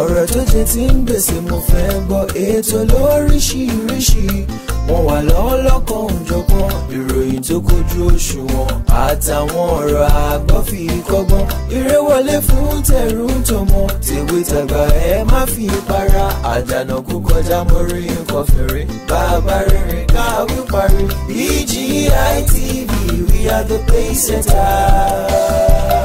ọ̀rọ̀ tó jẹ ti ń gbèsè mo fẹ́ gbọ́ ètò lóríṣiríṣi wọ́n wà lọ́wọ́ lọ́kàn òjọ̀gbọ́n ìròyìn tó kojú òṣùwọ̀n àtàwọn ọ̀rọ̀ àgbọ́ fi kọ́gbọ́n eré wọlé fún tẹ̀rù tọmọ tèwe tàgbà ẹ má fi para àjànà kú kọjá mo rí nǹkan fèrè bàbá rere káwí parí BGI e we are the pace setters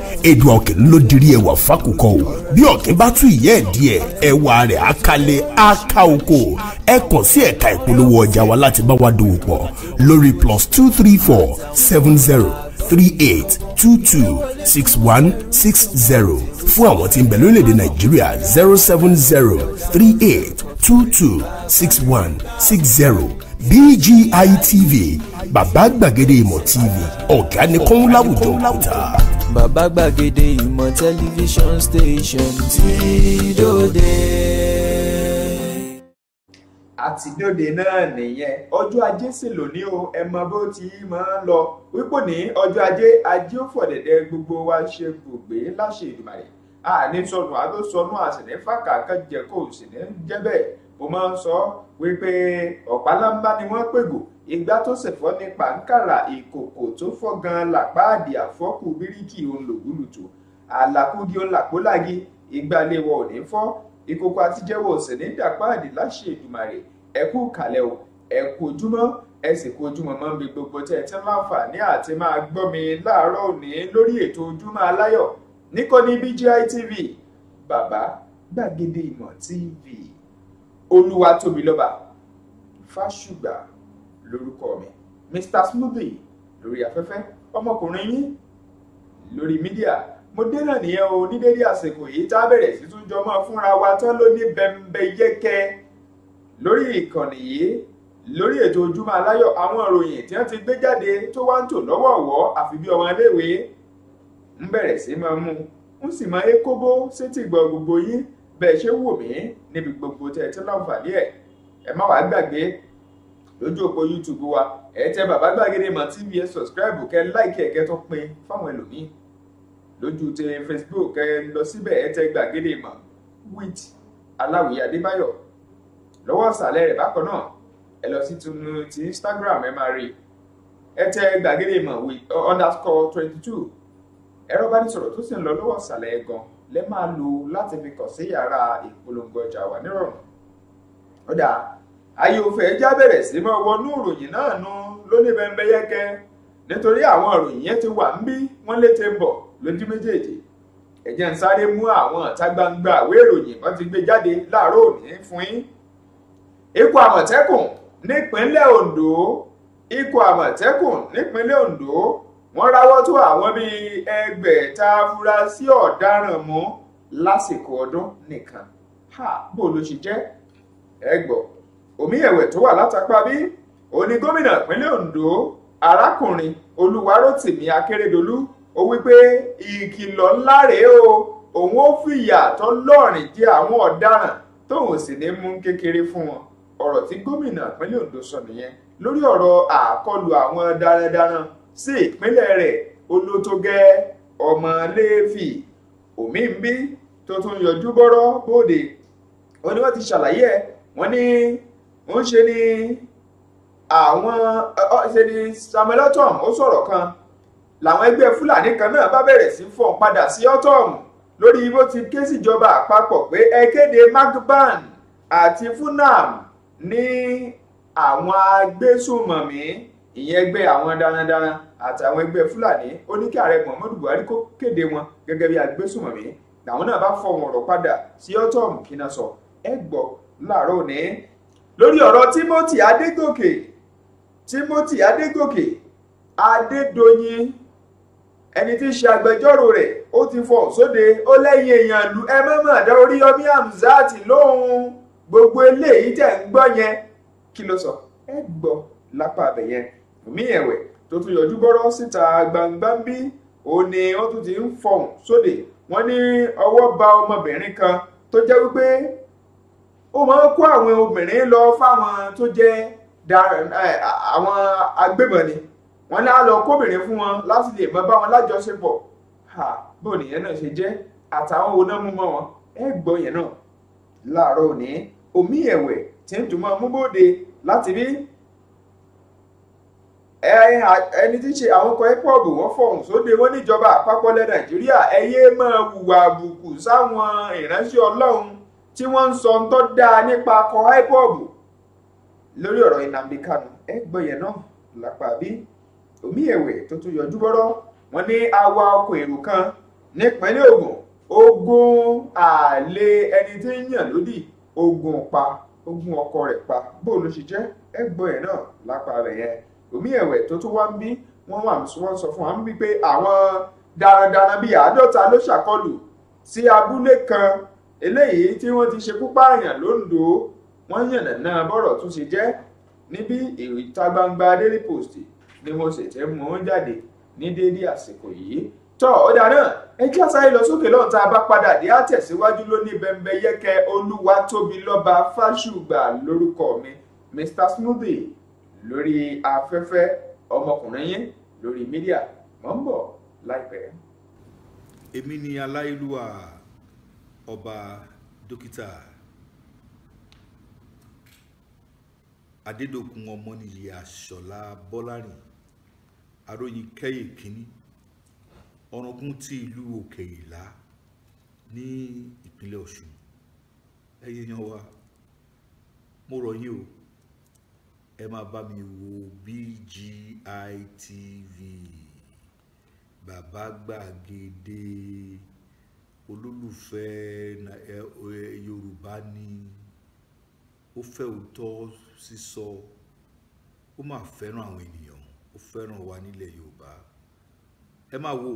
èdùn ọ̀kẹ́ ló dirí ẹwà fákòkò o bí ọ̀kẹ́ bá tú ìyẹ́ ẹ̀ ẹwà rẹ̀ àkàlẹ̀ àkà ẹ kàn sí ẹ̀ka ìpolówó ọjà wa láti bá wa dòwò pọ̀ lórí plus two three four seven zero three eight two two six one six zero fún àwọn tí ń bẹ lórílẹ̀‐èdè nàìjíríà zero seven zero three eight two two six one six zero BGI TV bàbá gbàgede ìmọ̀ TV ọ̀gá ni kọ́ńláwùjọ kùtà bàbá gbàgede ìmọ̀ tẹlifíṣọ̀n station ti dòde. àtidòde náà nìyẹn ọjọ́ ajé sì lónìí o ẹ mọ bó ti máa ń lọ wípò ní ọjọ́ ajé ajé ó fọ̀dẹ̀dẹ̀ gbogbo wa ṣe gbògbé láṣẹ Èdùmàrè àní sọnù àdósọnù àsìní fàkàkà jẹ kó o sì ní jẹ bẹ́ẹ̀ mo máa ń sọ wípé ọ̀pá lámbá ni wọ́n pègò igbá tó ṣẹ̀fọ́ ní pàǹkàrà ìkòkò tó fọ́ gan làpáàdì àfọ́kù bíríkì òun lògúlùtò àlàkùdí òun làpólàgì ìgbàlẹ̀ wọ ò ní fọ́ ìkòkò àtijẹ́wọ̀ ọ̀sẹ̀ ní dàpáàdì láṣẹ Èdùmàrè ẹ kú kàlẹ̀ o ẹ kú ojúmọ́ ẹ sì kú ojúmọ́ mọ́ bí gbogbo tẹ́ ẹ ti ń láǹfààní àti máa gbọ́ mi láàárọ̀ òní lórí ètò ojúmọ́ aláyọ̀ níkànnì BGI TV bàbá gbàgede ìmọ̀ TV olúwatóbilọ́ba fáṣùgbà lórúkọ mi Mr Smoothie lórí afẹ́fẹ́ ọmọkùnrin yín lórí mídíà mo dénà náà nìyẹn o ní dédé àsìkò yìí tá a sí tún jọ mọ́ fúnra wa tán ló ní bẹ́ńbẹ́ yẹ́kẹ́ lórí ìkànnì yìí lórí ètò ojúmọ́ aláyọ̀ àwọn ìròyìn ọmọ iléèwé ń bẹ̀rẹ̀ sí máa mú ń sì máa é kóbó gbọ́ gbogbo yín bẹ́ẹ̀ ṣe wù mí níbi gbogbo tẹ̀ lójú òpó youtube wa ẹ tẹ bàbá gbàgede mọ tv ẹ subscribe kẹ láìkẹ kẹ tó pin fáwọn ẹlòmíín lójú tẹ facebook kẹ lọ síbẹ̀ ẹ tẹ gbàgede mọ with aláwìyé adébáyọ̀ lọ́wọ́ ìsàlẹ̀ rẹ̀ bákan náà ẹ lọ sí tunu ti instagram ẹ máa rí ẹ tẹ gbàgede mọ with uh, underscore twenty two ẹ̀rọ bá ní sọ̀rọ̀ tó sì ń lọ lọ́wọ́ ìsàlẹ̀ gan lẹ́ máa lò láti fi kàn sí yàrá ìpolongo ọjà wà nírọ̀rùn ó ayéòfẹ́ já bẹ̀rẹ̀ sí mọ́ wọnú ìròyìn náà nu lóní bẹ́ńbẹ́yẹ́kẹ́ nítorí àwọn ìròyìn yẹn ti wà ń bí wọ́n lé ti ń bọ̀ lójú méjèèjì ẹ jẹ́ ń sáré mú àwọn ìta gbangba ìwé ìròyìn wọ́n ti gbé jáde láàárọ̀ òní fún yín ikọ̀ àmọ̀tẹ́kùn nípínlẹ̀ Ondo ikọ̀ àmọ̀tẹ́kùn nípínlẹ̀ Ondo wọ́n ráwọ́ tó àwọn bíi ẹgbẹ̀ta afurasí ọ̀daràn mú lásìkò ọdún nìkan bó ló ṣe jẹ́ ẹ omi ẹ̀wẹ̀ tó wà látàpá bí òní gómìnà ìpínlẹ̀ Ondo arákùnrin Olúwarótìmí Akérédolú ó wípé ìkìlọ̀ ńlá rèé o òun ó fìyà tó lọ́rìn jẹ àwọn ọ̀daràn tóun sì ní mú kékeré fún wọn ọ̀rọ̀ tí gómìnà ìpínlẹ̀ Ondo sọ nìyẹn lórí ọ̀rọ̀ àkọlù àwọn darandaran sí ìpínlẹ̀ rẹ̀ olótógẹ́ ọmọléèfì omi ń bí tó tún yọjú bọ́rọ́ bóde ó ní wọ́n ti ṣàlàyé ẹ̀ wọ́n ní ń ṣe ni àwọn ṣe ni Samuel Ortom ó sọ̀rọ̀ kan làwọn ẹgbẹ́ Fúlàní kan náà bá bẹ̀rẹ̀ sí fọ́n padà sí Ortom lórí bó ti ké síjọba àpapọ̀ pé ẹ kéde Macban àti Funam ní àwọn agbésùmọ̀mí ìyẹn ẹgbẹ́ àwọn darandaran àtàwọn ẹgbẹ́ Fúlàní ó ní kí ààrẹ Muhammadu Buhari kó kéde wọn gẹ́gẹ́ bí agbésùmọ̀mí làwọn náà bá fọwọn ọ̀rọ̀ padà sí Ortom kí náà sọ ẹ gbọ́ láàárọ̀ ní lórí ọ̀rọ̀ Timothy Adégòkè Timothy Adégòkè Adédoyin ẹni tí í ṣe agbẹjọ́rò rẹ̀ ó ti fọ̀ sóde ó lẹ́yìn èèyàn lu ẹ mọ́mọ́ àdá Oríyọmí Hamzat lóhun gbogbo eléyìí tẹ̀ ń gbọ́ yẹn kí ló sọ ẹ gbọ́ lápá abẹ yẹn mí ẹ̀wẹ̀ tó tún yọjú bọ́rọ́ síta gbangba ń bí òun wọ́n tún ti ń fọ̀hún sóde wọ́n ní ọwọ́ ba ọmọbìnrin kan tó jẹ́ wípé ó máa kó àwọn obìnrin lọ fáwọn tó jẹ́ àwọn agbébọn ni wọ́n lá lọ kóbìnrin fún wọn láti lè mọ bá wọn lájọṣepọ̀ bó nìyẹn náà ṣe jẹ́ àtàwọn wo náà mú mọ́ wọn ẹ gbọ́ yẹn náà láàárọ̀ òní omi ẹ̀wẹ̀ tí ń dùnmọ́ múbòde láti bí ẹni tí ń ṣe àwọn ọkọ̀ hip-hop fọ̀hún sóde wọ́n níjọba àpapọ̀ lẹ́ nàìjíríà ẹ yéé máa hùwà àbùkù sáwọn ìránṣẹ́ ọlọ́run tí wọ́n ń sọ tó dáa nípa akọ ipob lórí ọ̀rọ̀ Nnamdi Kanu ẹ gbọ́ yẹn náà lápá bí omi ẹ̀wẹ̀ tó tún yọjú bọ́rọ́ wọ́n ní awa ọkọ̀ èrò kan nípínlẹ̀ Ògùn ogun àlè ẹni tí ń yàn lódì ogun pa ogun ọkọ rẹ̀ pa bó ló ṣe jẹ́ ẹ gbọ́ yẹn náà lápá rẹ̀ yẹn omi ẹ̀wẹ̀ tó tún wá ń bí wọ́n wà wọ́n sọ fún wa ń bí pé àwọn darandaran bíi àádọ́ta ló ṣàkọlù sí abúlé kan eléyìí tí wọ́n ti ṣekú pààyàn lóńdó wọ́n yànnàná bọ́rọ̀ tún ṣe jẹ́ níbi ìta gbangba Daily Post ni mo sì ti mú un jáde ní déédéé àsìkò yìí tọ́ ọ̀dà náà ẹ jẹ́ àṣàyè lọ sókè lọ́hùn tá a bá padà dé àtẹ̀síwájú lónìí bẹ́ńbẹ́ yẹ́kẹ́ olúwa tóbi lọ́ba fáṣùgbà lórúkọ mi Mr Smoothie lórí afẹ́fẹ́ ọmọkùnrin yín lórí mídíà mọ́ ń bọ̀ láìpẹ́. èmi ni aláìlúwà ọba dókítà adédọ̀kun ọmọnìyí àṣọlá bọ́lárìn aróyin kẹ́yè kínní ọ̀ràngún ti ìlú òkè ìlá ní ìpínlẹ̀ ọ̀ṣun ẹ̀yin yan wa mo rọ̀ yín o ẹ máa bá mi wo BGI TV bàbá gbàgede olólùfẹ́ yorùbá ni ó fẹ́ òótọ́ sísọ ó máa fẹ́ràn àwọn ènìyàn ó fẹ́ràn wa nílẹ̀ yorùbá ẹ máa wo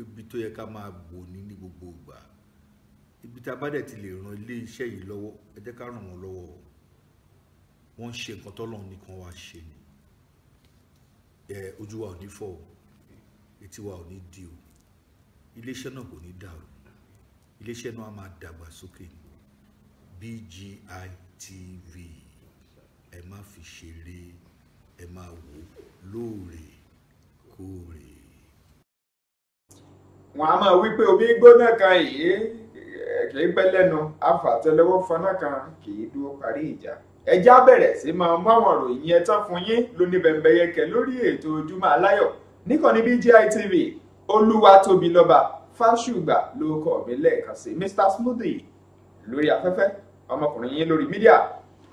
ibi tó yẹ ká máa bò ní ní gbogbo ìgbà ibi tá a bá dẹ̀ ti lè ran ilé iṣẹ́ yìí lọ́wọ́ ẹ jẹ́ ká ràn wọ́n lọ́wọ́ wọ́n ń ṣe nǹkan tọ́lọ́ nìkan wá ṣe ni ojú wa ò ní fọ́ etí wa ò ní di o iléeṣẹ́ náà kò ní dàrú iléeṣẹ́ náà á máa dàgbà sókè ní BGI TV ẹ má fi ṣeré ẹ máa wò lóòrèkóòrè. wọn a máa wí pé omi gbóná kan yìí kì í pẹ́ lẹ́nu àfàtẹ́lẹwọ́ faná kan kì í dúró parí ìjà ẹjá bẹ̀rẹ̀ sí máa mú àwọn ìròyìn ẹ tán fún yín lóní bẹ̀m̀bẹ̀yẹkẹ lórí ètò ojúmọ́ aláyọ̀ níkànnì BGI TV olúwatóbilọ́ba fáṣùgbà lórúkọ mi lẹ́ẹ̀kan sí mr smoothie lórí afẹ́fẹ́ ọmọkùnrin yín lórí mídíà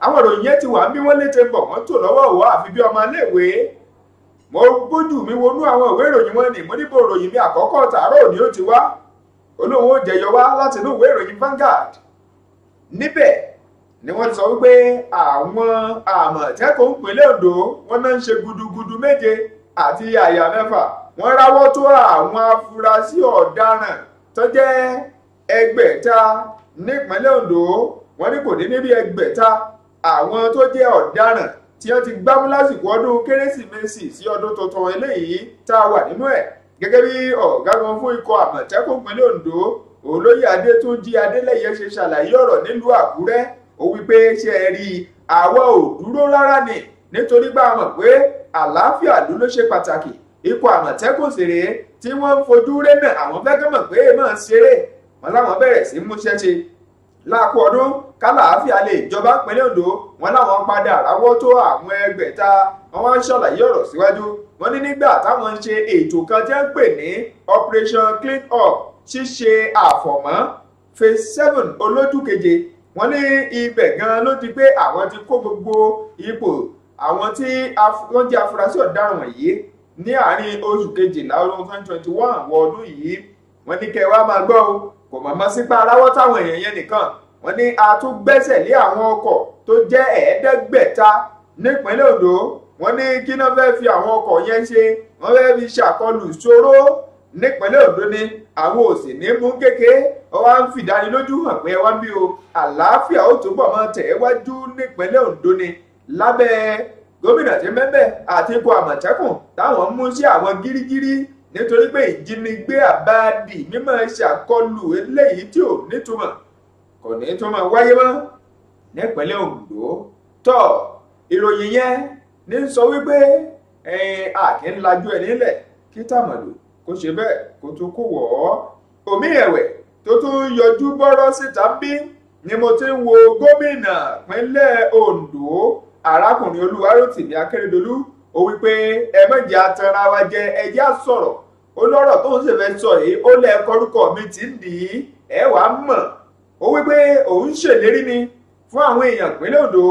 àwọn ìròyìn yẹn ti wà ń bí wọ́n létè ń bọ̀ wọ́n tò lọ́wọ́ òwò àfi bí ọmọ iléèwé mo gbójú mi wọnú àwọn ìwé ìròyìn wọn ni mo níbo ìròyìn mi àkọ́kọ́ tààrọ̀ òní ó ti wá olóhùn ó jẹyọ wá láti inú ìwé ìròyìn Vanguard níbẹ̀ ni wọ́n sọ wípé àwọn àmọ̀tẹ́kùn ìpínlẹ̀ Ondo wọ́n náà ń ṣe gudugudu méje àti àyà mẹ́fà wọ́n ráwọ́ tó àwọn afurasí ọ̀daràn tó jẹ́ ẹgbẹ̀ta nípínlẹ̀ Ondo wọ́n ní kò dé níbi ẹgbẹ̀ta àwọn tó jẹ́ ọ̀daràn tí wọ́n ti gbámú lásìkò ọdún kérésìmesì sí ọdún tuntun eléyìí tá a wà nínú ẹ̀ gẹ́gẹ́ bí ọ̀gágun fún ikọ̀ àmọ̀tẹ́kùn ìpínlẹ̀ Ondo olóyè adétúnjì adélẹ́yẹ ṣe ṣàlàyé ọ̀rọ̀ nílùú àkúrẹ́ ó wípé ṣe é rí àwa ò rárá ni nítorí bá a mọ̀ pé àlàáfíà ló ló ṣe pàtàkì ikọ̀ àmọ̀tẹ́kùn sì tí wọ́n ń fojú rénà àwọn fẹ́kẹ́ mọ̀ pé èèmọ̀ ṣeré wọn láwọn bẹ̀rẹ̀ sí múṣẹ́ ṣe láàkú ọdún kálàáfíà lè jọba pínlẹ̀ Ondo wọn láwọn padà ráwọ́ tó àwọn ẹgbẹ̀ta wọn wá ń ṣàlàyé ọ̀rọ̀ síwájú wọn ní nígbà táwọn ń ṣe ètò kan tí wọ́n ń pè ní operation clean up ṣíṣe àfọ̀mọ́ phase seven olójúkeje wọn ní ibẹ̀ gan ló di pé àwọn ti kó gbogbo ipò àwọn tí wọ́n jẹ́ afurasí ọ̀daràn wọ̀nyí ní àárín oṣù kejìlá ọdún twenty twenty one wọ ọdún yìí wọ́n ní kẹ́ wá máa gbọ́ o kò mọ̀ mọ́ sípa aráwọ́ táwọn èèyàn yẹn nìkan wọ́n ní a tún gbẹ́sẹ̀ lé àwọn ọkọ̀ tó jẹ́ ẹ̀ẹ́dẹ́gbẹ̀ta nípínlẹ̀ Ondo wọ́n ní kí náà fẹ́ fi àwọn ọkọ̀ yẹn ṣe wọ́n fẹ́ fi ṣàkọlù ṣòro nípínlẹ̀ Ondo ni àwọn ò ní mú kéke ọwọ́ ń fìdánilójú hàn pé wá bí o àlàáfíà ó túbọ̀ máa tẹ̀ wájú nípínlẹ̀ gómìnà tí mẹ́bẹ̀ àti ikọ̀ àmọ̀tẹ́kùn táwọn mú sí àwọn gírígírí nítorí pé ìjínigbé àbáàdì mímọ́ ṣàkọlù eléyìí tí ò nítumọ̀ kò nítumọ̀ wáyé mọ́ nípínlẹ̀ Ondo tọ́ ìròyìn yẹn ní sọ wípé àkè ń lajú ẹ̀ nílẹ̀ kí tàmọ̀lò kó ṣe bẹ́ẹ̀ kó tó kó wọ̀ ọ́ omi ẹ̀wẹ̀ tó tún yọjú bọ́rọ́ síta bí ni mo ti ń wo gómìnà pínlẹ̀ Ondo arákùnrin olúwarótìmí akérèdọlù ó wí pé ẹ mọ̀jẹ̀ atanra wa jẹ ẹjẹ́ àsọ̀rọ̀ ó lọ́rọ̀ tó ń ṣe fẹ́ sọ yìí ó lẹ́ kọ́rúkọ mi ti ń dì í ẹ wà á mọ̀ ó wí pé òun ṣèlérí ni fún àwọn èèyàn ìpínlẹ̀ Ondo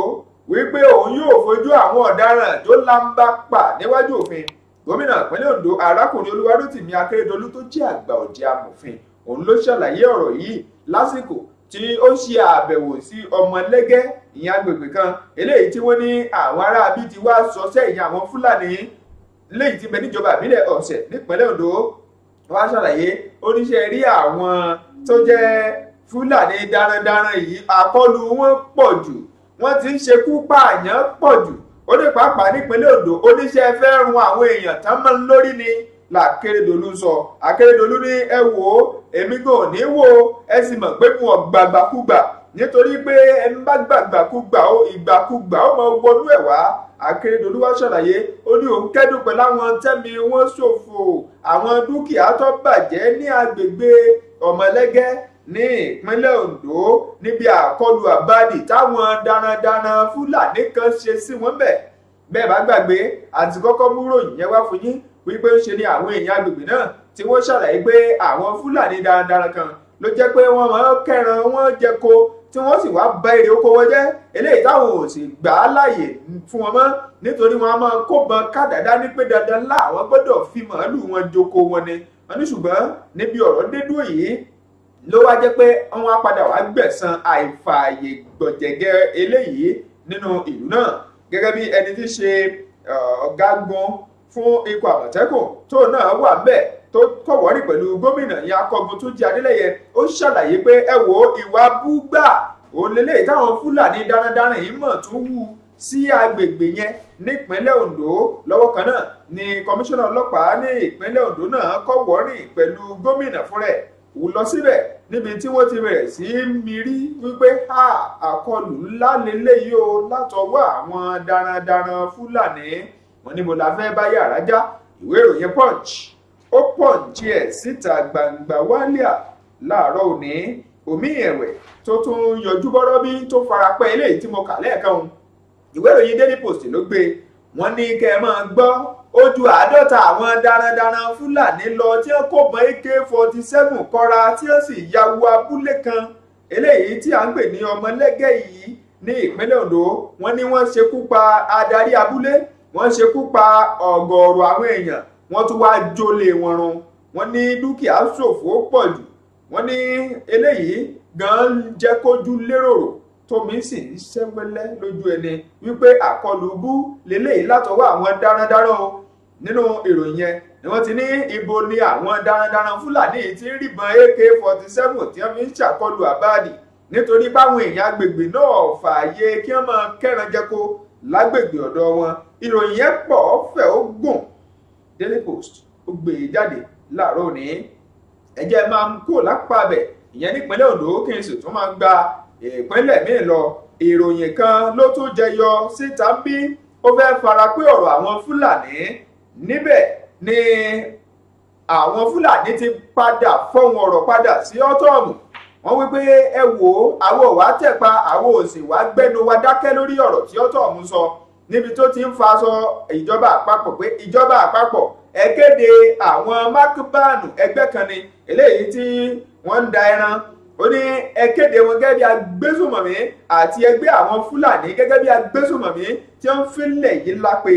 wí pé òun yóò fojú àwọn ọ̀daràn tó lámbá pa níwájú òfin gómìnà ìpínlẹ̀ Ondo arákùnrin olúwarótìmí akérèdọlù tó jẹ́ àgbà ọ̀jẹ̀ amòfin òun ló ṣàlàyé ọ̀rọ̀ yìí lásìkò tí ó ṣe àbẹ̀wò sí ọmọlẹ́gẹ́ ìyẹn agbègbè kan eléyìí tí wọ́n ní àwọn aráabí ti wá sọsẹ́ ìyẹn àwọn fúlàní léyìí ti bẹ níjọba ìbílẹ̀ ọ̀sẹ̀ nípínlẹ̀ ondo wá ṣàlàyé oníṣẹ́ rí àwọn tó jẹ́ fúlàní darandaran yìí àkọlù wọn pọ̀ jù wọ́n ti ń ṣekú pààyàn pọ̀ jù ó ní pàápàá nípínlẹ̀ ondo oníṣẹ́ fẹ́ run àwọn èèyàn tán mọ́ lórí ni làkèrèdọ́lù sọ àkèrèdọ́lù ní ẹ wò ó èmi gan ò ní wò ó ẹ sì mọ̀ pé wọn gbàgbàkúgbà nítorí pé ẹni bá gbàgbàkúgbà ó ìgbàkúgbà ó máa wọnú ẹ̀ wá àkèrèdọ́lù wá ṣàlàyé ó ní òun kẹ́dùn pẹ̀lú àwọn tẹ́mi wọ́n ṣòfò àwọn dúkìá tó bàjẹ́ ní agbègbè ọ̀mọ̀lẹ́gẹ́ ní ìpínlẹ̀ Ondo níbi àkọlù àbádì táwọn darandaran Fúlàní kan ṣe sí wọn bẹ̀ bẹ́ẹ̀ bá gbàgbé àti kọ́kọ́ mú ròyìn yẹn wá fún yín wípé ń ṣe ni àwọn èèyàn agbègbè náà tí wọ́n ṣàlàyé pé àwọn fúlàní darandaran kan ló jẹ́ pé wọ́n máa kẹran wọ́n jẹko tí wọ́n sì wá bá èrè oko wọn jẹ́ eléyìí táwọn ò sì gbà á láàyè fún wọn mọ́ nítorí wọn a máa kó kádàdá ní pé dandan láwọn gbọ́dọ̀ fi màálù wọn joko wọn ni wọn ní ṣùgbọ́n níbi ọ̀rọ̀ dédú yìí ló wá jẹ́ pé wọ́n á padà wá gbẹ̀san àìfààyè gbọ̀jẹ̀gẹ́ eléyìí nínú ìlú náà gẹ́gẹ́ bí ẹni tí ṣe ọ̀gágun fún ikọ̀ àmọ̀tẹ́kùn tó náà wà bẹ́ẹ̀ tó kọ̀wọ́rì pẹ̀lú gómìnà yẹn akọgun tó jẹ́ adélẹ́yẹ ó ṣàlàyé pé ẹ wo ìwà búgbà òlélẹ́yìí táwọn fúlàní darandaran yìí mọ̀ tó wù sí agbègbè yẹn nípínlẹ̀ ondo lọ́wọ́ kan náà ni kọmíṣánná ọlọ́pàá ní ìpínlẹ̀ ondo náà kọ̀wọ́rì pẹ̀lú gómìnà fúnrẹ̀ lọ síbẹ̀ níbi tí wọ́n ti bẹ̀rẹ̀ sí í mirí wípé ha àkọlù ńlá lélẹ́yìí o látọwọ́ àwọn darandaran fúlàní wọ́n níbo la fẹ́ bá yàrá já ìwé ìròyìn punch ó punch ẹ̀ síta gbangba wálíà láàárọ̀ òní omi ẹ̀wẹ̀ tó tún yọjú bọ́rọ́ bí tó farapẹ́ eléyìí tí mo kà lẹ́ẹ̀kan òun ìwé ìròyìn daily post ló gbé wọ́n ní kẹ́ ẹ máa gbọ́ ó ju àádọ́ta àwọn darandaran fúlàní lọ tí wọ́n kó bọn ak forty seven kọ́ra tí wọ́n sì ya wo abúlé kan eléyìí tí à ń pè ní ọmọlẹ́gẹ́ yìí ní ìpínlẹ̀ Ondo wọ́n ní wọ́n ṣekú pa adarí abúlé wọ́n ṣekú pa ọ̀gọ̀ọ̀rọ̀ àwọn èèyàn wọ́n tún wá jólè wọn run wọ́n ní dúkìá ṣòfò pọ̀ jù wọ́n ní eléyìí gan ń jẹ́ kójú lérò tómi sì ń ṣẹ́wẹ́lẹ́ lójú ẹni wípé àkọlù bú lélẹ́yìí látọwọ́ àwọn darandaran o nínú ìròyìn yẹn ni wọ́n ti ní ibo ni àwọn darandaran fúlàní ti ń rìbọn ak forty seven tí wọ́n fi ń ṣàkọlù àbáàdì nítorí báwọn èèyàn agbègbè náà fààyè kí wọ́n máa kẹ́ran jẹko lágbègbè ọ̀dọ̀ wọn ìròyìn yẹn pọ̀ fẹ̀ ó gùn Daily Post ó gbé e jáde láàárọ̀ òní ẹ̀jẹ̀ máa ń kó lápá bẹ̀ ìyẹn nípínlẹ̀ Ondo kí n sì tún máa gba ìpínlẹ̀ míì lọ ìròyìn kan ló tún jẹyọ síta ń bí ó fẹ́ fara pé ọ̀rọ̀ àwọn Fúlàní níbẹ̀ ni àwọn Fúlàní ti padà fọ́hùn ọ̀rọ̀ padà sí ọ́tọ̀ọ̀mù wọ́n wí pé ẹ wò ó àwọn òwà tẹ̀pa àwọn òsì wá gbẹ́nu wa dákẹ́ lórí ọ̀rọ̀ tí ó tọ̀ mú sọ níbi tó ti ń fa sọ ìjọba àpapọ̀ pé ìjọba àpapọ̀ ẹ kéde àwọn mákìbáànù ẹgbẹ́ kan ni eléyìí tí wọ́n ń da ẹran ó ní ẹ kéde wọn gẹ́gẹ́ bí agbésùmọ̀mí àti ẹgbẹ́ àwọn fúlàní gẹ́gẹ́ bí agbésùmọ̀mí tí wọ́n fi ń lẹ̀ yìí lápè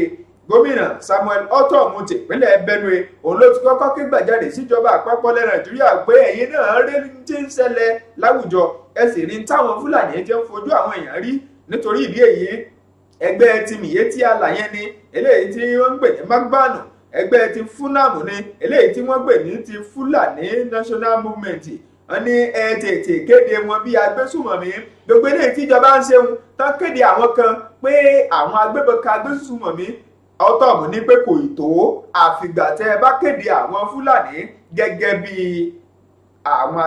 gómìnà Samuel otom ti ìpínlẹ̀ Benue òun ló ti kọ́kọ́ ké gbàjáde síjọba àpapọ̀ lẹ̀ Nàìjíríà pé ẹ̀yin náà rí ti ń ṣẹlẹ̀ láwùjọ ẹ sì rí táwọn Fúlàní jẹ́ ń fojú àwọn èèyàn rí nítorí ìdí èyí ẹgbẹ́ ti Miyetti Allah yẹn ni eléyìí tí wọ́n ń pè ní magbanu ẹgbẹ́ ti Funamu ni eléyìí tí wọ́n pè ní ti Fulani National Movement wọ́n ní ẹ tètè kéde wọn bí agbésùmọ̀mí gbogbo eléyìí tíjọba ń ṣeun tán kéde àwọn kan pé àwọn agbébọn kan agbésùmọ̀mí ọtọọmù ní pé kò ì tó àfìgbà tẹ ẹ bá kéde àwọn fúlàní gẹ́gẹ́ bí àwọn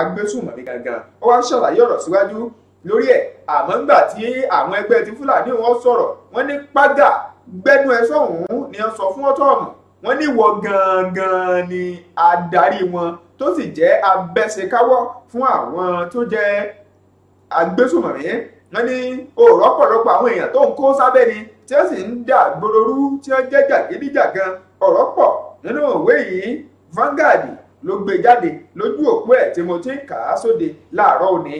agbésùnmọ̀mí gangan ó wá ṣàlàyé ọ̀rọ̀ síwájú lórí ẹ̀ àmọ́ ńgbà tí àwọn ẹgbẹ́ ti fúlàní wọn sọ̀rọ̀ wọ́n ní pàgà gbẹ́nu ẹ sọ̀hún ni wọ́n sọ fún ọtọọmù wọ́n ní ìwọ gangan ni adarí wọn tó sì jẹ́ abẹ́sẹ̀káwọ́ fún àwọn tó jẹ́ agbésùnmọ̀mí wọ́n ní òòrọ̀ ọ̀pọ̀lọpọ̀ àwọn èèyàn tó ń kó sábẹ́ ni tí ó sì ń dà gbororú tí ó jẹ́ jàgídíjàgan ọ̀rọ̀ pọ̀ nínú òwe yìí Vanguard ló gbé jáde lójú òpó ẹ̀ tí mo ti ń kà á sóde láàárọ̀ òní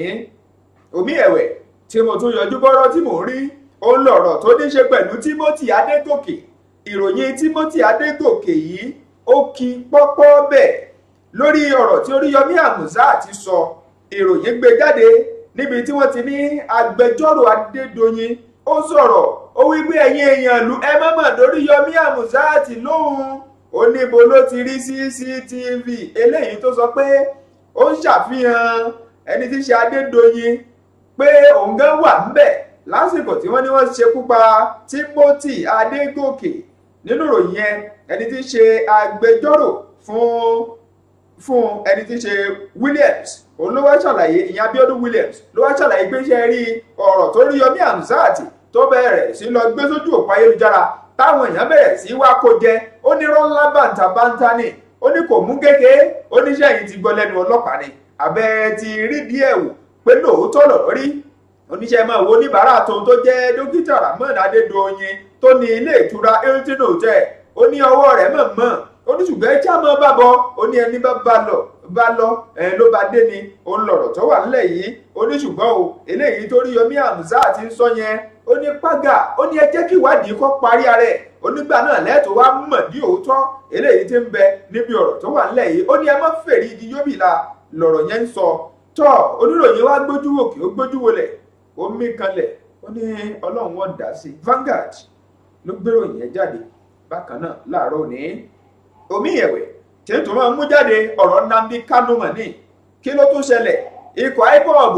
omi ẹ̀wẹ̀ tí mo tún yọjú bọ́rọ́ tí mò ń rí ó ń lọ̀rọ̀ tó ní ṣe pẹ̀lú Timothy Adégòkè ìròyìn Timothy Adégòkè yìí ó kí pọ́pọ́ bẹ́ẹ̀ lórí ọ̀rọ̀ tí Oríyọmí Hamzat ti sọ ìròyìn gbé jáde níbi tí wọ́n ti ní agbẹjọ́rò Adédoyin ó sọ̀rọ̀ ó wí pé ẹ̀yin èèyàn ìlú ẹ mọ̀mọ̀ lórí Yọmí Àmùsáàtì lóhùn ó ló ti rí CCTV eléyìí tó sọ pé ó ń ṣàfihàn ẹni tí í ṣe Adédoyin pé òun gan wà ńbẹ̀ lásìkò tí wọ́n ní wọ́n ṣekú pa Timothy Adégòkè nínú ìròyìn yẹn ẹni tí í ṣe agbẹjọ́rò fún fún ẹni tí í ṣe Williams òun ló wá ṣàlàyé ìyẹn Abíọ́dún Williams ló wá ṣàlàyé pé ṣe rí ọ̀rọ̀ tó rí Yọmí Àmùsáàtì tó bẹ̀rẹ̀ sí lọ gbé sójú òpó ayélujára táwọn èèyàn bẹ̀rẹ̀ sí wá kó jẹ ó ní rọ́ńlá bàǹtàbàǹtà ni ó ní kò mú kéke ó ní sẹ́yìn ti gbọ́ lẹ́nu ọlọ́pàá ni àbẹ́ ti rí díẹ̀ wò pé lóòótọ́ lọ̀rọ̀ rí oníṣẹ́ máa wo oníbàárà tóun tó jẹ́ dókítà Rahmon Adédoyin tó ní ilé ìtura Hilton Hotel ó ní ọwọ́ rẹ̀ mọ̀ọ́mọ́ oníṣùgbọ́n ẹja máa bá bọ ó ní ẹni bá lọ bá lọ ẹ ló bá dé ni òun lọ̀rọ̀ tó wà nílẹ̀ yìí oníṣùgbọ́n o eléyìí tó Yomi Hamzat ti ń sọ yẹn ó ní págà ó ní ẹ jẹ́ kí ìwádìí kọ́ parí ara ẹ̀ onígbà náà lẹ́tọ̀ọ́ wá mọ̀ ní òótọ́ eléyìí ti ń bẹ níbi ọ̀rọ̀ tó wà nílẹ̀ yìí ó ní ẹ má fèrè igi yóbìlà lọ̀rọ̀ yẹn ń sọ tọ́ oníròyìn wá gbójú kí ó gbójú wọlẹ̀ ó mí kanlẹ̀ ó ní ọlọ́run wọn Vanguard ló jáde bákan náà láàárọ̀ òní omi tí tó ní kí ló tún ṣẹlẹ̀ ikọ̀ IPOB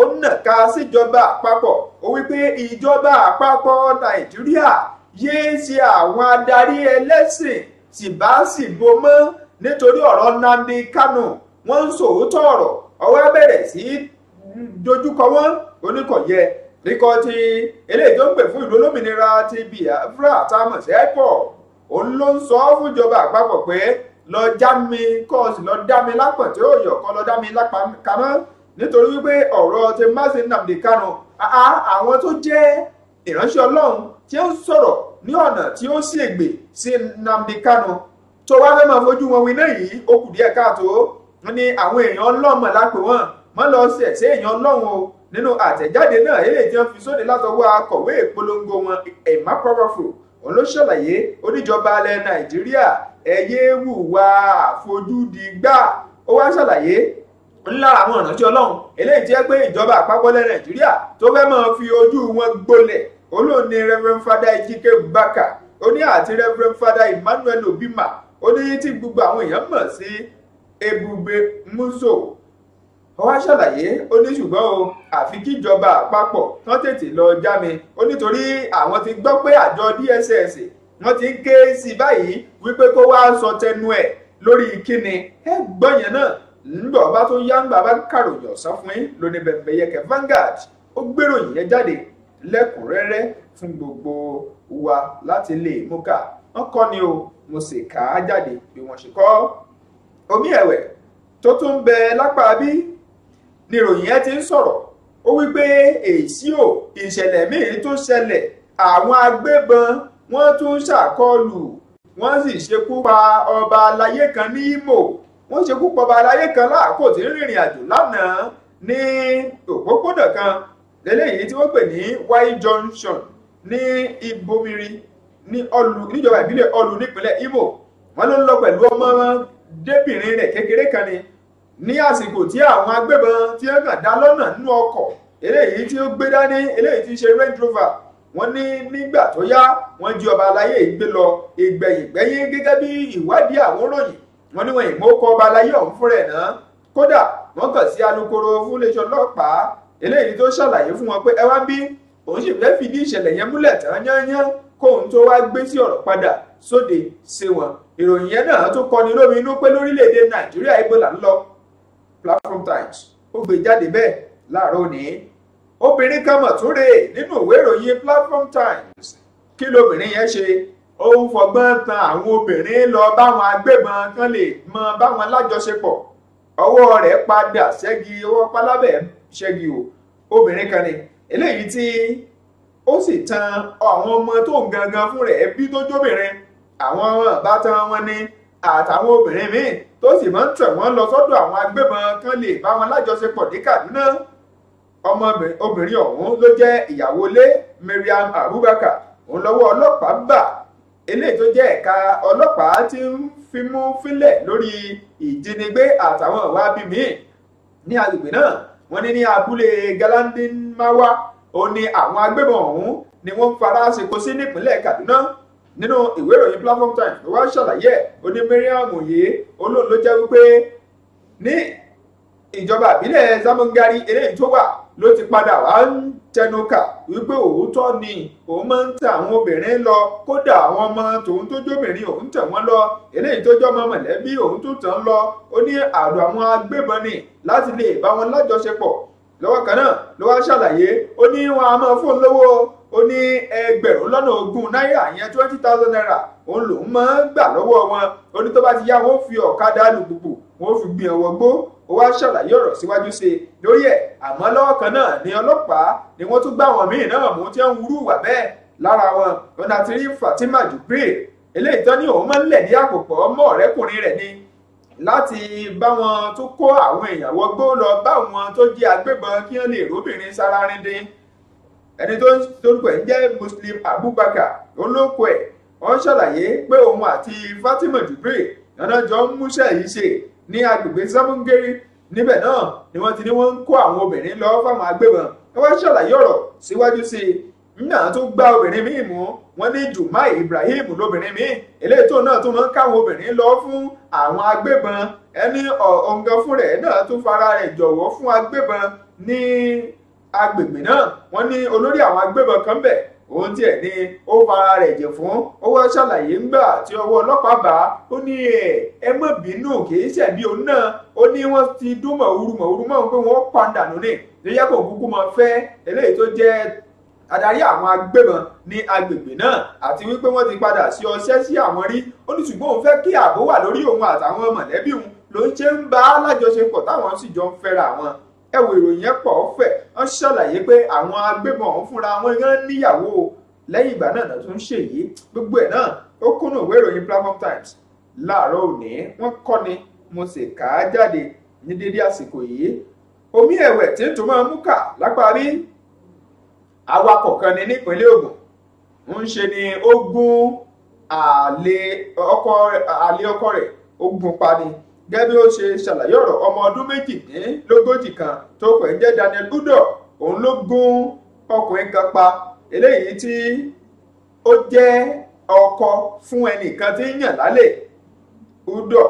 ó nàka síjọba àpapọ̀ ó wípé ìjọba àpapọ̀ nàìjíríà yéé ṣe àwọn adarí ẹlẹ́sìn tìbásìbò mọ́ nítorí ọ̀rọ̀ Nnamdi Kanu wọ́n ń sòótọ́ ọ̀rọ̀ ọwọ́ bẹ̀rẹ̀ sí dojúkọ wọn oníkọ̀yẹ ríkọ ti eléyìí tó ń pè fún ìlú olómìnira ti Biafra tamọ̀ sẹ́pọ̀ òun ló ń sọ fúnjọba àpapọ̀ pé lọ já mi kọ́ ọ sì lọ dá mi lápọ̀ tí ó yọ̀ kọ́ lọ dá mi lápá kaná nítorí wípé ọ̀rọ̀ ti Mazi Nnamdi Kanu àwọn tó jẹ́ ìránṣẹ́ Ọlọ́run tí ó ń sọ̀rọ̀ ní ọ̀nà tí ó sì ègbè sí Nnamdi Kanu tó wá fẹ́ máa fojú wọn winá yìí ó kù díẹ̀ káàtó wọn ni àwọn èèyàn ọlọ́mọ lápè wọn mọ́ lọ sí ẹ̀sẹ̀ èèyàn Ọlọ́run o nínú àtẹ̀jáde náà eléyìí tí wọ́n fi sóde látọwọ́ akọ̀wé ìpolongo wọn Emma Powerful òun ló ṣàlàyé oníjọba alẹ́ Nàìjíríà ẹ̀yẹ́ wùwà àfojúdi gbà ó wá ṣàlàyé ńlára àwọn ìránṣẹ́ ọlọ́run eléyìí tí ẹ pé ìjọba àpapọ̀ lẹ́ nàìjíríà tó fẹ́ máa fi ojú wọn gbolẹ̀ olóòní reverend father ejike baka ó àti reverend father emmanuel obima ó ní tí gbogbo àwọn èèyàn mọ̀ sí ebube muso ó wá ṣàlàyé ó ní ṣùgbọ́n o àfi kíjọba àpapọ̀ tán tètè lọ já mi ó nítorí àwọn ti gbọ́ pé àjọ dss wọ́n ti ń ké sí báyìí wípé kó wá sọ tẹnu ẹ̀ lórí kíni ẹ gbọ́ yẹn náà ńgbà ọba tó yá ńgbà bá kàròyìn ọ̀sán fún yín lóní bẹ̀m̀bẹ̀yẹkẹ̀ Vanguard ó gbéròyìn yẹn jáde lẹ́kùnrẹ́rẹ́ fún gbogbo wa láti lè mú ká wọ́n kọ́ ni o mo sì kà á jáde bí wọ́n ṣe kọ́ omi ẹ̀wẹ̀ tó tún bẹ lápá bí níròyìn yẹn ti ń sọ̀rọ̀ ó wí èsì ò ìṣẹ̀lẹ̀ míì tó ṣẹlẹ̀ àwọn agbébọn wọ́n tún ṣàkọlù wọ́n sì ṣekú pa ọba aláyé kan ní Imo wọ́n ṣekú pọba aláyé kan láàkó tí ń rìnrìn àjò lánàá ní òpópónà kan lélẹ́yìí tí wọ́n pè ní y junction ní ibomiri ní ọlù níjọba ìbílẹ̀ ọlù nípínlẹ̀ Imo wọ́n ló ń lọ pẹ̀lú ọmọdébìnrin rẹ̀ kékeré kan ni ní àsìkò tí àwọn agbébọn tí wọ́n kàn dá lọ́nà nínú ọkọ̀ eléyìí tí ó gbé dání eléyìí tí ń ṣe Range Rover wọ́n ní nígbà tó yá wọ́n jí ọba aláyé ìgbé lọ ìgbẹ̀yìngbẹ́yìn gẹ́gẹ́ bí ìwádìí àwọn ròyìn wọ́n ní wọ́n ìmọ̀ kọ ọba aláyé ọ̀hún fúnra ẹ̀ náà kódà wọ́n kàn sí alukoro fúnléṣọ ọlọ́pàá eléyìí tó ṣàlàyé fún wọn pé ẹ wá bí òun sì fẹ́ fìdí ìṣẹ̀lẹ̀ yẹn múlẹ̀ tán yányán kóun tó wá gbé sí ọ̀rọ̀ padà sóde ṣe wọn ìròyìn yẹn náà tó kọni lómi inú pé lórílẹ̀‐èdè nàìjíríà ibo là ń lọ Platform Times ó gbé jáde bẹ́ẹ̀ láàárọ̀ òní obìnrin kan mọ̀ tún rèé nínú ìwé ìròyìn Platform Times kí lobìnrin yẹn ṣe ó fọgbọ́n tan àwọn obìnrin lọ báwọn agbébọn kan lè mọ báwọn lájọṣepọ̀ ọwọ́ rẹ̀ padà ṣẹ́gi ọwọ́ pálábẹ̀ ṣẹ́gi o obìnrin kan ni eléyìí tí ó sì tan àwọn ọmọ tó ń gangan fún rẹ̀ bí tó jóbìnrin àwọn ìbátan wọn ni àtàwọn obìnrin míì tó sì máa ń tẹ̀ wọ́n lọ sọ́dọ̀ àwọn agbébọn kan lè báwọn lájọṣepọ̀ ní Kaduna ọmọbìnrin ọ̀hún ló jẹ́ ìyàwó ilé Mariam Abubakar òun lọ́wọ́ ọlọ́pàá bà eléyìí tó jẹ́ ẹ̀ka ọlọ́pàá ti ń fimú fínlẹ̀ lórí ìjínigbé àtàwọn ìwà bímí ní agbègbè náà wọ́n ní ní abúlé galandinmawa ó ní àwọn agbébọn ọ̀hún ni wọ́n fara ṣèkó sí nípínlẹ̀ kaduna nínú ìwé ìròyìn platform times ló wá ṣàlàyé ó ní mariam òye olóòló jẹ́ wípé ní ìjọba ìbílẹ̀ zamangari eléyìí tó wà ló ti padà wá ń tẹnukà wípé òótọ́ ni òun máa ń tẹ àwọn obìnrin lọ kódà àwọn ọmọ tòun tó jóbìnrin òun tẹ̀ wọ́n lọ eléyìí tó jọ́mọ mọ̀lẹ́bí òun tó tàn lọ ó ní àdó àwọn agbébọn ni láti lè bá wọn lájọṣepọ̀ lọ́wọ́ kan náà ló wá ṣàlàyé ó ní wọn a máa fóun lówó ó ní ẹgbẹ̀rún lọ́nà ogún náírà yẹn twenty thousand naira òun lòún máa ń gbà lọ́wọ́ wọn ó ní tó bá ti yá wọn fi ọ̀kadà alùpùpù wọn fi gbìyànwọ́ gbó ó wá ṣàlàyé ọ̀rọ̀ síwájú sí i lórí ẹ̀ àmọ́ lọ́wọ́ kan náà ni ọlọ́pàá ni wọ́n tún gbá àwọn míì náà mú tí wọ́n ń wúrú wà bẹ́ẹ̀ lára wọn ọ̀nà àti rí Fatima Jubril eléyìí tán ni òun máa ń lẹ̀ ní àpòpọ̀ ọmọ ọ̀rẹ́kùnrin rẹ̀ ni láti bá wọn tó kó àwọn èèyàn wọgbó lọ bá wọn tó jẹ́ agbébọn kí wọ́n lè róbìnrin sára rindin ẹni tó torúkọ ẹ̀ ń jẹ́ Muslim Abubakar olóko ẹ̀ wọ́n ṣàlàyé pé òun àti Fatima Jubril ọ̀nà jọ ń múṣẹ́ yìí ṣe ní agbègbè sámúngẹ́rì níbẹ̀ náà ni wọ́n ti ní wọ́n ń kó àwọn obìnrin lọ fáwọn agbébọn ẹ wá ṣàlàyé ọ̀rọ̀ síwájú sí i náà tó gbá obìnrin míì mú wọ́n ní Jumai Ibrahim lóbìnrin míì eléyìí tó náà tó máa ń káwọn obìnrin lọ fún àwọn agbébọn ẹni ọ̀ǹgàn fún rẹ̀ náà tó fara rẹ̀ jọ̀wọ́ fún agbébọn ní agbègbè náà wọ́n ní olórí àwọn agbébọn kan bẹ̀ òun tiẹ̀ ni ó fara rẹ̀ jẹ̀ fún ó ṣàlàyé ńgbà tí ọwọ́ ọlọ́pàá bá ó ní ẹ̀ ẹ má bínú kì ṣẹ̀bi òun náà ó ní wọ́n ti dún mọ̀húrú mọ̀húrú mọ̀ pé wọ́n pàǹdà lónìí ló yẹ kó kúkú mọ fẹ́ eléyìí tó jẹ́ adarí àwọn agbébọn ní agbègbè náà àti wípé wọ́n ti padà sí ọṣẹ́ sí àwọn rí ó ní ṣùgbọ́n òun fẹ́ kí ààbò wà lórí òun àtàwọn mọ̀lẹ́bí òun ló ń ṣe ń bá lájọṣepọ̀ táwọn sì jọ ń fẹ́ra wọn ẹ̀wò ìròyìn yẹn pọ̀ fẹ̀ wọ́n ṣàlàyé pé àwọn agbébọn ọ̀hún fúnra wọn yẹn níyàwó lẹ́yìn ìgbà náà tó ń ṣèyí gbogbo ẹ̀ náà ó kúnnù ìwé ìròyìn Platform Times láàárọ̀ òní wọ́n kọ́ ni mo sì kà á jáde ní dédé àsìkò yìí omi ẹ̀wẹ̀ tí ń tún máa mú kà lápárí awakọ̀ kan ni nípínlẹ̀ Ògùn ń ṣe ni ó gún àlè ọkọ rẹ̀ ó gún pa ni gẹ́gẹ́ bí ó ṣe ṣàlàyé ọ̀rọ̀ ọmọ ọdún méjìdínlógójì kan tó pẹ̀ ń jẹ́ Daniel Udoh òun ló gún ọkùnrin kan pa eléyìí tí ó jẹ́ ọkọ fún ẹnìkan tí ń yàn lálẹ́ Udoh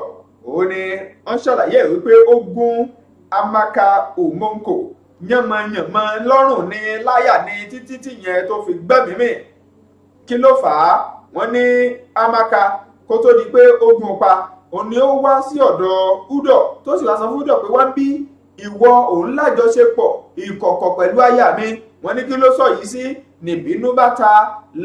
òun ni wọ́n ṣàlàyé wípé ó gún Amaka Umonko yànmọ̀yànmọ̀ lọ́rùn ní láyà ní títí tìyẹn tó fi gbẹ́mìí mì kí ló fà á wọ́n ní Amaka kó tó di pé ó gún pa òun ni ó wá sí ọ̀dọ̀ udo tó sì wá sọ fún udo pé wá bí ìwọ òun lájọṣepọ̀ ìkọ̀kọ̀ pẹ̀lú aya mi wọ́n ní kí ló sọ yìí sí nìbínú bá ta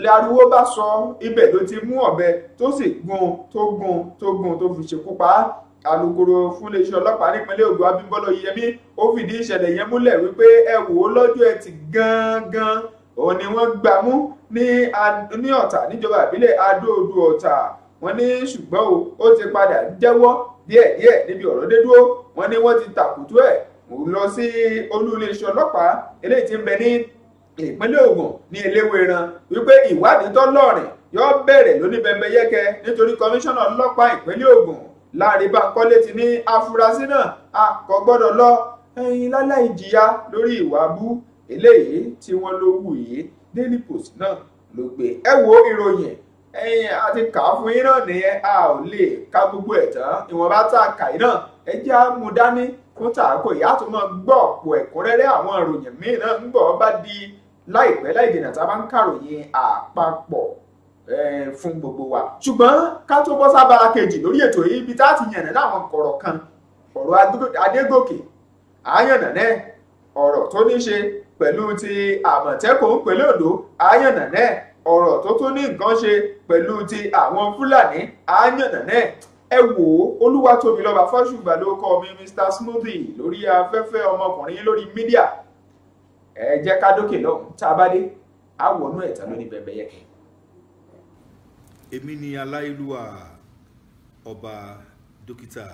lariwo bá sọ ibẹ̀ ló ti mú ọ̀bẹ tó sì gun tó gun tó gun tó fi ṣekú pa á alukoro fún iléeṣẹ́ ọlọ́pàá nípínlẹ̀ Ògùn Abímbọ́lá Oyèyẹmí ó fìdí ìṣẹ̀lẹ̀ yẹn múlẹ̀ wípé ẹ wò ó lọ́jọ́ Ẹtì gangan òun ni wọ́n gbà mú ní Ọ̀tà níjọba ìbílẹ̀ Adó-Odò Ọ̀tà wọ́n ní ṣùgbọ́n o ó ti padà jẹ́wọ́ díẹ̀díẹ̀ níbi ọ̀rọ̀ dé dúró wọ́n ní wọ́n ti tàkùtù ẹ̀ lọ sí olú iléeṣẹ́ ọlọ́pàá eléyìí ti ń bẹ ní ìpínlẹ̀ Ògùn ní eléwéran wípé ìwádìí tó lọ́rìn yóò bẹ̀rẹ̀ lóní bẹ̀mbẹ̀ yẹ́kẹ nítorí kọmíṣánná ọlọ́pàá ìpínlẹ̀ Ògùn Láàrin Bánkọ́lé ti ní afurasí náà a kò gbọ́dọ̀ lọ ẹyin láláì jìyà lórí ìwà abú eléyìí tí wọ́n ló wù yìí Daily Post náà ló gbé ẹ wo ìròyìn ẹ̀yin a ti kà á fún yín náà nìyẹn a ò lè ka gbogbo ẹ̀ tán ìwọ̀nba tá a kà yín náà ẹ jẹ́ á dání fún tààkò ìyá tó máa gbọ́ ọ̀pọ̀ ẹ̀kúnrẹ́rẹ́ àwọn ìròyìn míì náà ń bọ̀ bá di láìpẹ́ láì tá a bá ń kàròyìn àpapọ̀ fún gbogbo wa ṣùgbọ́n ká tó bọ́ sábàá kejì lórí ètò yìí ibi tá a ti yànnà láwọn kọ̀rọ̀ kan ọ̀rọ̀ adégòkè àáyànnà ọ̀rọ̀ tó ní ṣe pẹ̀lú ti àmọ̀tẹ́kùn pẹ̀lú òdò àáyànnà ọ̀rọ̀ tó tún ní nǹkan ṣe pẹ̀lú ti àwọn fúlàní àáyànnà náà ẹ wò ó olúwatóbilọ́ba fáṣùgbà ló kọ́ mi mr smoothie lórí afẹ́fẹ́ ọmọkùnrin lórí mídíà ẹ jẹ́ ká dókè lọ́hùn tá a bá dé á wọnú ẹ̀ta lónìí bẹ̀bẹ̀ yẹ. èmi ni aláìlúwà ọba dókítà